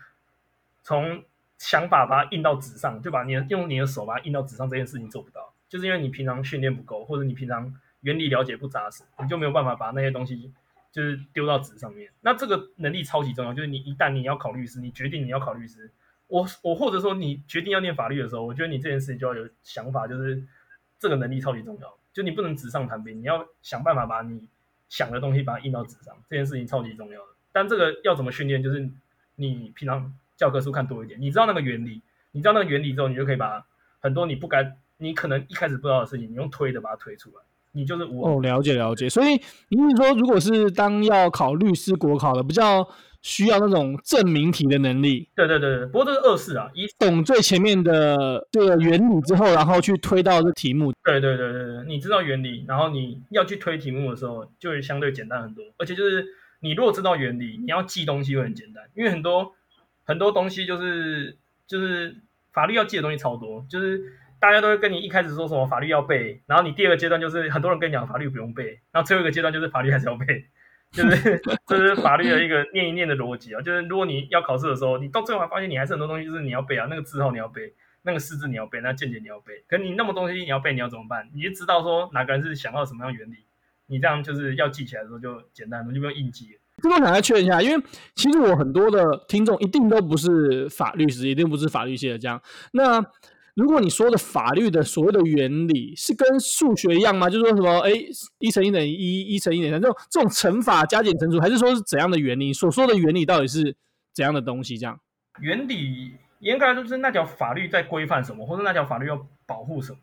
從想法把它印到紙上，就把你的用你的手把它印到紙上這件事情做不到，就是因為你平常訓練不夠，或者你平常。原理了解不扎實，你就沒有辦法把那些東西就是丟到紙上面。那這個能力超級重要，就是你一旦你要考律師，你決定你要考律師，我我或者說你決定要念法律的時候，我覺得你這件事情就要有想法，就是這個能力超級重要，就你不能紙上談兵，你要想辦法把你想的東西把它印到紙上，這件事情超級重要的。但這個要怎麼訓練？就是你平常教科書看多一點，你知道那個原理，你知道那個原理之後，你就可以把很多你不敢、你可能一開始不知道的事情，你用推的把它推出來。你就是我哦，了解了解，所以你是說，如果是當要考律師國考的，比較需要那種證明題的能力。對對對，不過這是二試啊，一懂最前面的這個原理之後，然後去推到這題目。對對對對對，你知道原理，然後你要去推題目的時候，就會相對簡單很多。而且就是你如果知道原理，你要記東西會很簡單，因為很多很多東西就是就是法律要記的東西超多，就是。大家都會跟你一開始說什麼法律要背，然後你第二個階段就是很多人跟你講法律不用背，然後最後一個階段就是法律還是要背，就是 就是法律的一個念一念的邏輯啊。就是如果你要考試的時候，你到最後還發現你還是很多東西就是你要背啊，那個字號你要背，那個四字你要背，那見解你要背。可是你那麼東西你要背，你要怎麼辦？你就知道說哪個人是想要什麼樣原理，你這樣就是要記起來的時候就簡單，你就不用了，就不用硬記。這個我想要確認一下，因為其實我很多的聽眾一定都不是法律師，一定不是法律系的，這樣那。如果你說的法律的所謂的原理是跟數學一樣嗎？就說什麼哎，一乘一等於一，一乘一等於三，這種這種乘法、加減、乘除，還是說是怎樣的原理？所說的原理到底是怎樣的東西？這樣，原理嚴格來說就是那條法律在規範什麼，或者那條法律要保護什麼，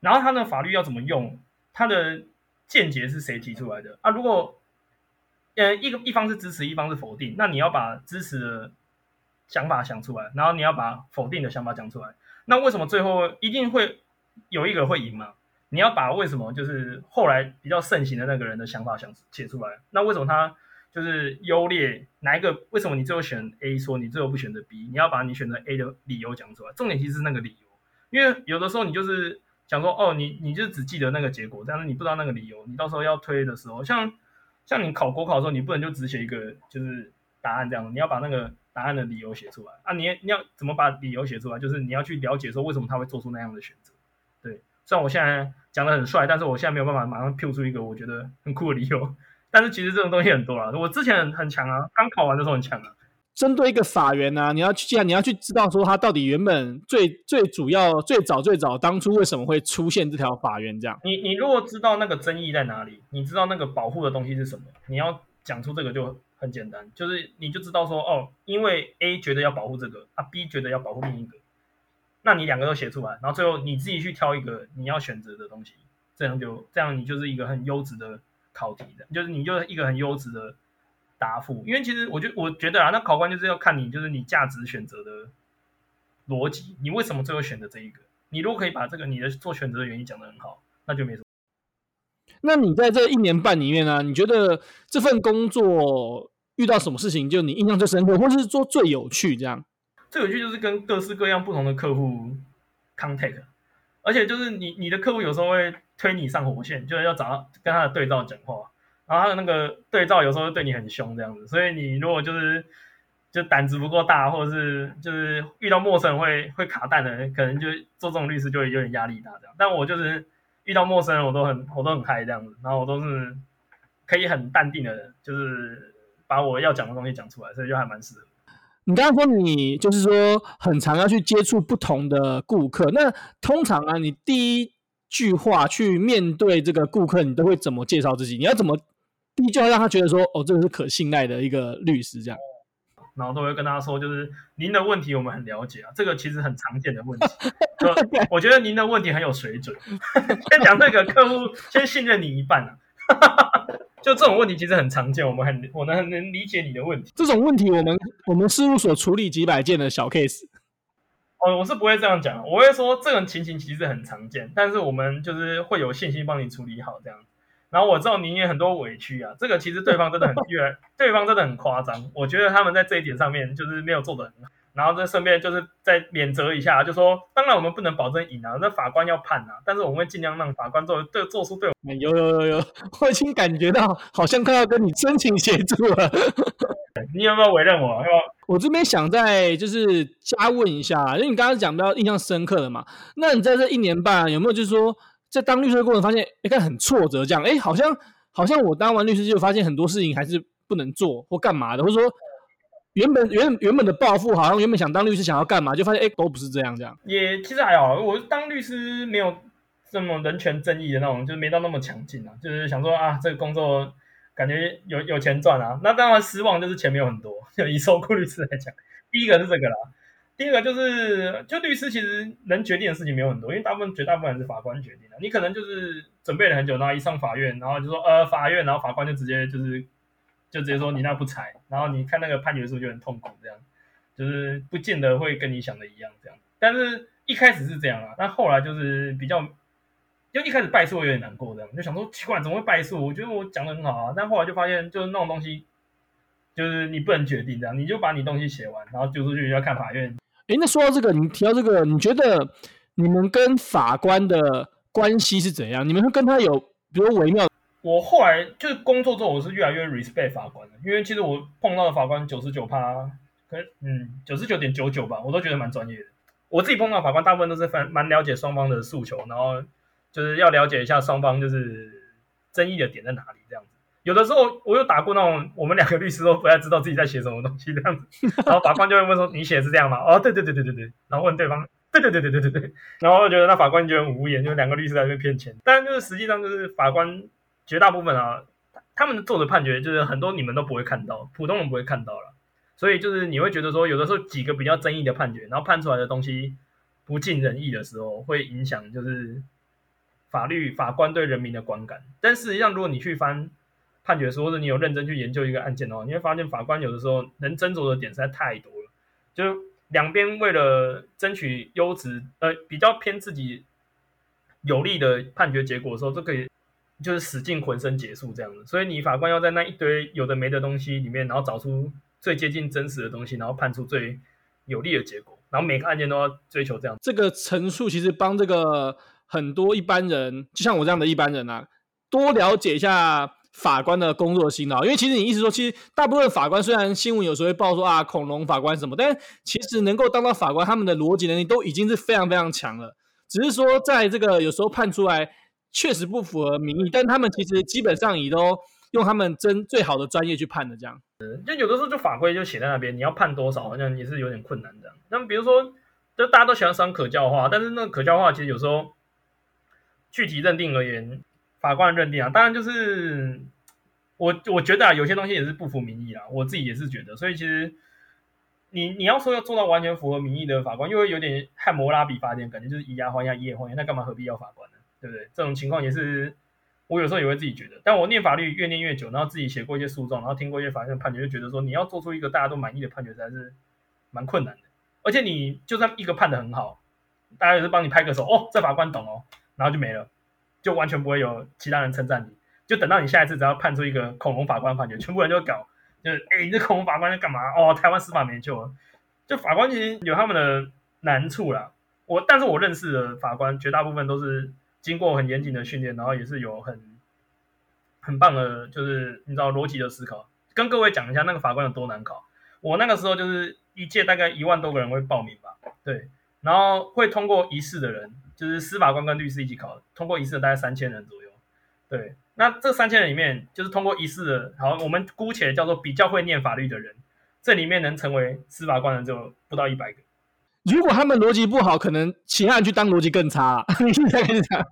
然後它的法律要怎麼用，它的見解是誰提出來的啊？如果，呃，一個一方是支持，一方是否定，那你要把支持的。想法想出來，然後你要把否定的想法講出來。那為什麼最後一定會有一個會贏嗎？你要把為什麼就是後來比較盛行的那個人的想法想寫出來。那為什麼他就是優劣哪一個？為什麼你最後選 A 說你最後不選擇 B？你要把你選擇 A 的理由講出來。重點其實是那個理由，因為有的時候你就是想說哦，你你就只記得那個結果，但是你不知道那個理由。你到時候要推的時候，像像你考國考的時候，你不能就只寫一個就是答案這樣，你要把那個。答案的理由寫出來啊！你，你要怎麼把理由寫出來？就是你要去了解說為什麼他會做出那樣的選擇。對，雖然我現在講的很帥，但是我現在沒有辦法馬上 p 出一個我覺得很酷的理由。但是其實這種東西很多了，我之前很，很強啊，剛考完的時候很強啊。針對一個法源啊，你要去，既然你要去知道說他到底原本最，最主要，最早最早當初為什麼會出現這條法源，這樣。你，你如果知道那個爭議在哪裡，你知道那個保護的東西是什麼，你要講出這個就。很簡單，就是你就知道說哦，因為 A 覺得要保護這個，啊 B 覺得要保護另一個，那你兩個都寫出來，然後最後你自己去挑一個你要選擇的東西，這樣就這樣你就是一個很優質的考題的，就是你就一個很優質的答覆。因為其實我就我覺得啊，那考官就是要看你就是你價值選擇的邏輯，你為什麼最後選擇這一個？你如果可以把這個你的做選擇的原因講得很好，那就沒什麼。那你在這一年半裡面呢、啊？你覺得這份工作？遇到什麼事情，就你印象最深刻，或者是做最有趣這樣。最有趣就是跟各式各樣不同的客戶 contact，而且就是你你的客戶有時候會推你上火線，就是要找到跟他的對照講話，然後他的那個對照有時候會對你很凶這樣子，所以你如果就是就膽子不夠大，或者是就是遇到陌生人會會卡蛋的人，可能就做這種律師就會有點壓力大這樣。但我就是遇到陌生人我都很我都很嗨這樣子，然後我都是可以很淡定的，就是。把我要講的東西講出來，所以就還蠻實的。你剛剛說你就是說很常要去接觸不同的顧客，那通常啊，你第一句話去面對這個顧客，你都會怎麼介紹自己？你要怎麼第一句話讓他覺得說，哦，這個是可信賴的一個律師這樣？然後都會跟他說，就是您的問題我們很了解啊，這個其實很常見的問題。 我覺得您的問題很有水準， 先講這個客戶先信任你一半啊。 就這種問題其實很常見，我們很我們很能理解你的問題。這種問題我們我們事務所處理幾百件的小 case。 哦，我是不會這樣講，我會說這種情形其實很常見，但是我們就是會有信心幫你處理好這樣。然後我知道你也很多委屈啊，這個其實對方真的很冤 對方真的很誇張，我覺得他們在這一點上面就是沒有做的很好。然後，再順便就是再免責一下，就說當然我們不能保證贏啊，那法官要判啊，但是我們會盡量讓法官做對做出對我們有有有有，我已經感覺到好像快要跟你真情協助了， 你有沒有委任我？有有，我這邊想再就是加問一下，因為你剛剛講到印象深刻的嘛，那你在這一年半有沒有就是說在當律師的過程發現，哎、欸，很挫折這樣，哎、欸，好像好像我當完律師就發現很多事情還是不能做或幹嘛的，或者說。原本原原本的抱負，好像原本想當律師，想要幹嘛，就發現哎，都、欸、不是這樣這樣。也其實還好，我當律師沒有這麼人權正義的那種，就是沒到那麼強勁啊。就是想說啊，這個工作感覺有有錢賺啊。那當然失望，就是錢沒有很多。就以受雇律師來講，第一個是這個啦，第二個就是就律師其實能決定的事情沒有很多，因為大部分絕大部分人是法官決定的。你可能就是準備了很久，然後一上法院，然後就說呃法院，然後法官就直接就是。就直接說你那不拆，然後你看那個判決書就很痛苦，這樣就是不見得會跟你想的一樣這樣。但是一開始是這樣啊，但後來就是比較，就一開始敗訴有點難過，這樣就想說奇怪怎麼會敗訴？我覺得我講的很好啊。但後來就發現就是那種東西，就是你不能決定這樣，你就把你東西寫完，然後就出去就要看法院。哎、欸，那說到這個，你提到這個，你覺得你們跟法官的關係是怎樣？你們會跟他有比如微妙？我後來就是工作之後，我是越來越 respect 法官的，因為其實我碰到的法官九十九趴，可嗯九十九點九九吧，我都覺得蠻專業的。我自己碰到法官，大部分都是蠻蠻了解雙方的訴求，然後就是要了解一下雙方就是爭議的點在哪裡這樣子。有的時候我有打過那種，我們兩個律師都不太知道自己在寫什麼東西這樣子， 然後法官就會問說：“你寫是這樣嗎？”哦，對對對對對對，然後問對方，對對對對對對對，然後我覺得那法官就很無言，就兩個律師在那邊騙錢。但就是實際上就是法官。絕大部分啊，他們做的判決就是很多你們都不會看到，普通人不會看到了。所以就是你會覺得說，有的時候幾個比較爭議的判決，然後判出來的東西不盡人意的時候，會影響就是法律法官對人民的觀感。但事實上，如果你去翻判決書，或者你有認真去研究一個案件的話，你會發現法官有的時候能斟酌的點實在太多了。就兩邊為了爭取優質，呃，比較偏自己有利的判決結果的時候，都可以。就是使盡渾身解數這樣子，所以你法官要在那一堆有的沒的東西裡面，然後找出最接近真實的東西，然後判出最有利的結果，然後每個案件都要追求這樣。這個陳述其實幫這個很多一般人，就像我這樣的一般人啊，多了解一下法官的工作辛勞。因為其實你一直說，其實大部分法官雖然新聞有時候會報說啊恐龍法官什麼，但其實能夠當到法官，他們的邏輯能力都已經是非常非常強了，只是說在這個有時候判出來。確實不符合民意，但他們其實基本上也都用他們真最好的專業去判的，這樣。嗯，就有的時候就法規就寫在那邊，你要判多少，好像也是有點困難的。那麼比如說，就大家都喜歡說可教化，但是那個可教化其實有時候具體認定而言，法官認定啊，當然就是我我覺得啊，有些東西也是不符民意啊，我自己也是覺得，所以其實你你要說要做到完全符合民意的法官，又有點漢摩拉比法典感覺就是以牙還牙，以眼還眼，那幹嘛何必要法官？對不對？這種情況也是我有時候也會自己覺得，但我念法律越念越久，然後自己寫過一些訴狀，然後聽過一些法院的判決，就覺得說你要做出一個大家都滿意的判決，才是蠻困難的。而且你就算一個判的很好，大家也是幫你拍個手，哦，這法官懂哦，然後就沒了，就完全不會有其他人稱讚你。就等到你下一次只要判出一個恐龍法官判決，全部人就搞，就是哎，這恐龍法官在幹嘛？哦，台灣司法沒救了。就法官其實有他們的難處啦。我，但是我認識的法官絕大部分都是。經過很嚴謹的訓練，然後也是有很很棒的，就是你知道邏輯的思考。跟各位講一下那個法官有多難考。我那個時候就是一屆大概一萬多個人會報名吧，對，然後會通過一試的人，就是司法官跟律師一起考，通過一試的大概三千人左右，對，那這三千人裡面就是通過一試的，好，我們姑且叫做比較會念法律的人，這裡面能成為司法官的就不到一百個。如果他們邏輯不好，可能其他人去當邏輯更差，啊，你跟你講？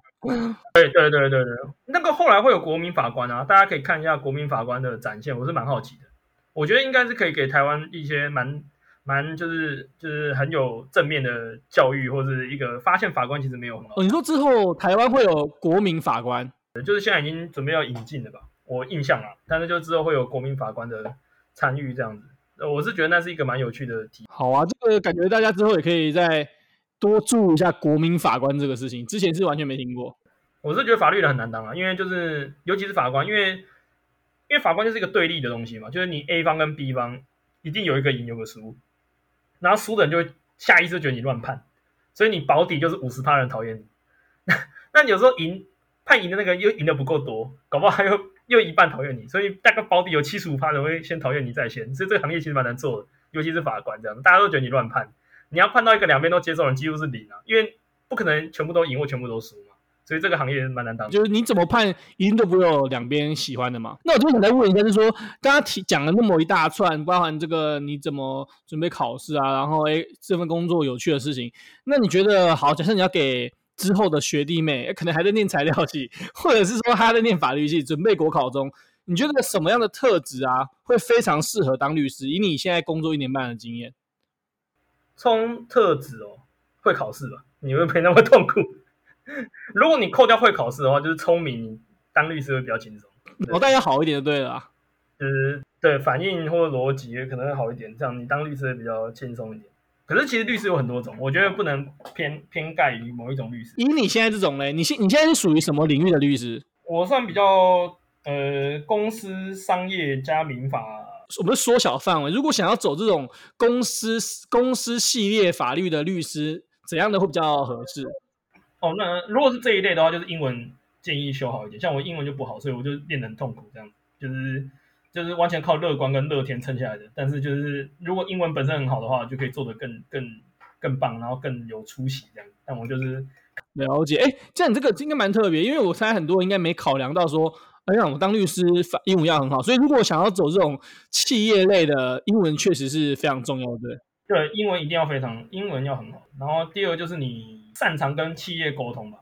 對對對對對，那個後來會有國民法官啊，大家可以看一下國民法官的展現，我是蠻好奇的。我覺得應該是可以給台灣一些蠻蠻就是就是很有正面的教育，或是一個發現法官其實沒有很好。哦，你說之後台灣會有國民法官，就是現在已經準備要引進了吧？我印象啊，但是就之後會有國民法官的參與這樣子。我是覺得那是一個蠻有趣的題。好啊，這個感覺大家之後也可以再多注意一下國民法官這個事情，之前是完全沒聽過。我是覺得法律人很難當啊，因為就是尤其是法官，因為因為法官就是一個對立的東西嘛，就是你 A 方跟 B 方一定有一個贏，有個輸，然後輸的人就會下意識覺得你亂判，所以你保底就是五十趴人討厭你。 那你有時候贏判贏的那個又贏的不夠多，搞不好還有。又一半討厭你，所以大概保底有七十五趴人會先討厭你在先，所以這個行業其實蠻難做的，尤其是法官這樣，大家都覺得你亂判，你要判到一個兩邊都接受的人幾乎是零啊，因為不可能全部都贏或全部都輸嘛，所以這個行業是蠻難當。就是你怎麼判，一定都不會有兩邊喜歡的嘛。那我就想再問一下，就是說，剛剛提講了那麼一大串，包含這個你怎麼準備考試啊，然後哎、欸、這份工作有趣的事情，那你覺得好？假設你要給。之後的學弟妹，可能還在念材料系，或者是說他還在念法律系，準備國考中。你覺得什麼樣的特質啊，會非常適合當律師？以你現在工作一年半的經驗，從特質哦，會考試吧，你會沒那麼痛苦？ 如果你扣掉會考試的話，就是聰明，當律師會比較輕鬆。腦袋要好一點就對了，就是對反應或者邏輯可能會好一點，這樣你當律師會比較輕鬆一點。可是其實律師有很多種，我覺得不能偏偏概於某一種律師。以你現在這種嘞，你現你現在是屬於什麼領域的律師？我算比較呃，公司商業加民法。我們縮小範圍，如果想要走這種公司公司系列法律的律師，怎樣的會比較合適？哦，那如果是這一類的話，就是英文建議修好一點。像我英文就不好，所以我就練得很痛苦，這樣就是。就是完全靠樂觀跟樂天撐下來的。但是，就是如果英文本身很好的話，就可以做得更更更棒，然後更有出息這樣。但我就是了解，哎、欸，像你這個應該蠻特別，因為我猜很多人應該沒考量到說，哎呀，我當律師，法，英文要很好。所以，如果想要走這種企業類的，英文確實是非常重要的。對，對，對，英文一定要非常，英文要很好。然後，第二就是你擅長跟企業溝通吧，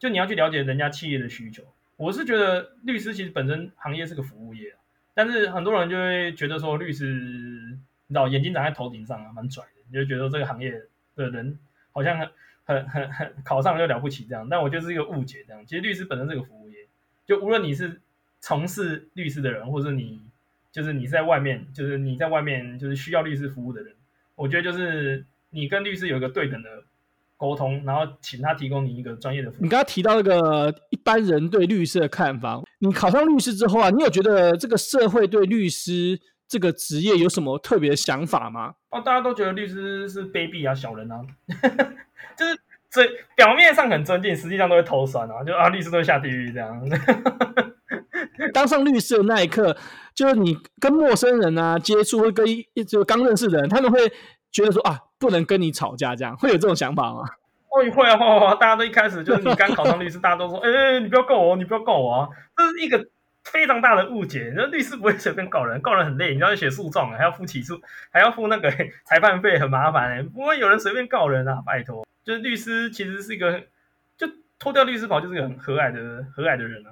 就你要去了解人家企業的需求。我是覺得律師其實本身行業是個服務業。但是很多人就會覺得說，律師，你知道，眼睛長在頭頂上啊，蠻拽的。你就覺得這個行業的人好像很很很考上了就了不起這樣。但我就是一個誤解這樣。其實律師本身是個服務業，就無論你是從事律師的人，或者你就是你在外面，就是你在外面就是需要律師服務的人，我覺得就是你跟律師有一個對等的溝通，然後請他提供你一個專業的服務。你剛剛提到那個一般人對律師的看法，你考上律師之後啊，你有覺得這個社會對律師這個職業有什麼特別的想法嗎？哦，大家都覺得律師是卑鄙啊，小人啊， 就是這表面上很尊敬，實際上都會偷酸啊，就啊律師都會下地獄這樣。 當上律師的那一刻，就是你跟陌生人啊接觸，或跟一就剛認識的人，他們會覺得說啊。不能跟你吵架，這樣會有這種想法嗎？哦，會啊，大家都一開始就是你剛考上律師， 大家都說，哎、欸，你不要告我，你不要告我啊，這是一個非常大的誤解。那、就是、律師不會隨便告人，告人很累，你要去寫訴狀啊，還要付起訴，還要付那個 裁判費，很麻煩、欸、不會有人隨便告人啊，拜託，就是律師其實是一個，就脫掉律師袍就是一個很和藹的、和藹的人啊。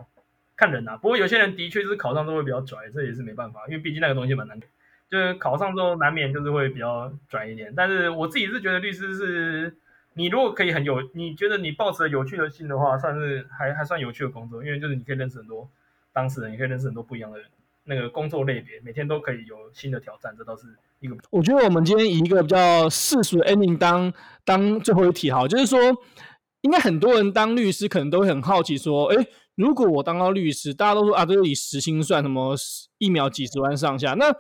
看人啊，不過有些人的確是考上之後比較拽，這也是沒辦法，因為畢竟那個東西蠻難考。就是考上之後難免就是會比較跩一點，但是我自己是覺得律師是你如果可以很有，你覺得你抱持了有趣的心的話，算是還還算有趣的工作，因為就是你可以認識很多當事人，也可以認識很多不一樣的人那個工作類別，每天都可以有新的挑戰，這倒是一個。我覺得我們今天以一個比較世俗的 ending 當當最後一題好，就是說應該很多人當律師可能都會很好奇說，哎，如果我當到律師，大家都說啊，這以時薪算什麼一秒幾十萬上下，那。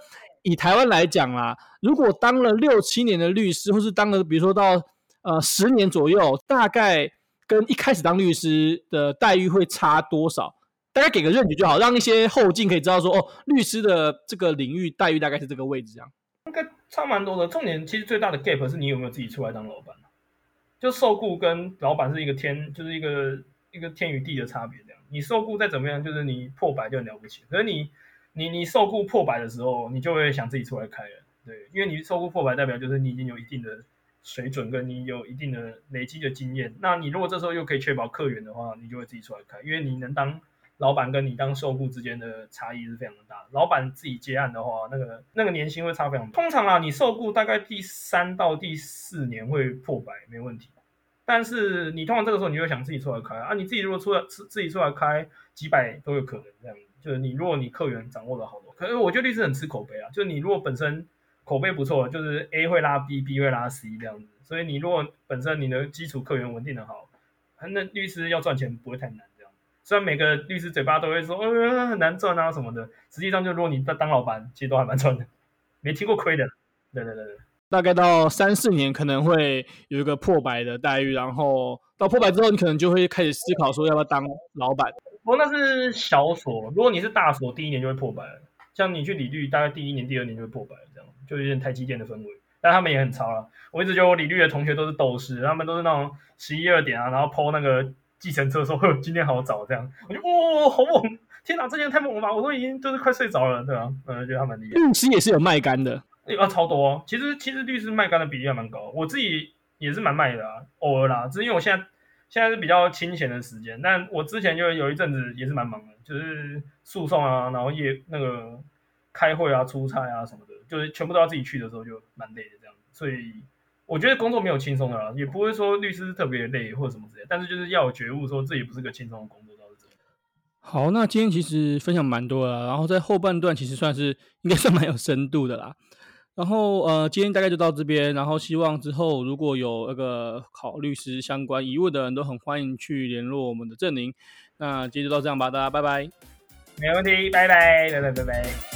以台灣來講啦、啊，如果當了六七年的律師，或是當了，比如說到呃十年左右，大概跟一開始當律師的待遇會差多少？大家給個認知就好，讓一些後進可以知道說，哦，律師的這個領域待遇大概是這個位置這樣。應該差蠻多的，重點其實最大的 gap 是你有沒有自己出來當老闆、啊，就受雇跟老闆是一個天，就是一個一個天與地的差別這樣。你受雇再怎麼樣，就是你破百就很了不起，可是你。你你受僱破百的時候，你就會想自己出來開了，對，因為你受僱破百代表就是你已經有一定的水準，跟你有一定的累積的經驗。那你如果這時候又可以確保客源的話，你就會自己出來開，因為你能當老闆跟你當受僱之間的差異是非常大的。老闆自己接案的話，那個那個年薪會差非常大。通常啊，你受僱大概第三到第四年會破百，沒問題。但是你通常這個時候，你又想自己出來開啊，你自己如果出來自己出來開幾百都有可能這樣。就是你，如果你客源掌握得好的，可是我覺得律師很吃口碑啊。就是你如果本身口碑不錯，就是 A 會拉 B，B 會拉 C 這樣子。所以你如果本身你的基礎客源穩定得好，那律師要賺錢不會太難這樣。雖然每個律師嘴巴都會說呃很難賺啊什麼的，實際上就如果你在當老板，其實都還蠻賺的，沒聽過虧的。對對對對，對大概到三四年可能會有一個破百的待遇，然後到破百之後，你可能就會開始思考說要不要當老板。不過、哦、那是小所，如果你是大所，第一年就會破百。像你去理律，大概第一年、第二年就會破百，這樣就有點台積電的氛圍。但他們也很操了，我一直覺得我理律的同學都是鬥士，他們都是那種十一二點啊，然後 po 那個計程車說呵呵，今天好早，這樣我就哇，好、哦、猛、哦！天哪、啊，這些人太猛了吧，我都已經就是快睡着了，對吧、啊？嗯，覺得他們厲害。嗯、也是有賣肝的，啊、欸，超多、哦。其實，其實律師賣肝的比例還蠻高，我自己也是蠻賣的啊，偶爾啦，只是因為我現在。現在是比較清閒的時間，但我之前就有一陣子也是蠻忙的，就是訴訟啊，然後也那個開會啊、出差啊什麼的，就是全部都要自己去的時候就蠻累的這樣子。所以我覺得工作沒有輕鬆的啦，也不會說律師特別累或者什麼之類的，但是就是要有覺悟說自己不是個輕鬆的工作，倒是真的。好，那今天其實分享蠻多啦，然後在後半段其實算是應該算蠻有深度的啦。然後呃，今天大概就到這邊，然後希望之後如果有那個考律師相關疑問的人都很歡迎去聯絡我們的振寧。那今天就到這樣吧，大家拜拜。沒問題，拜拜，拜拜，拜拜。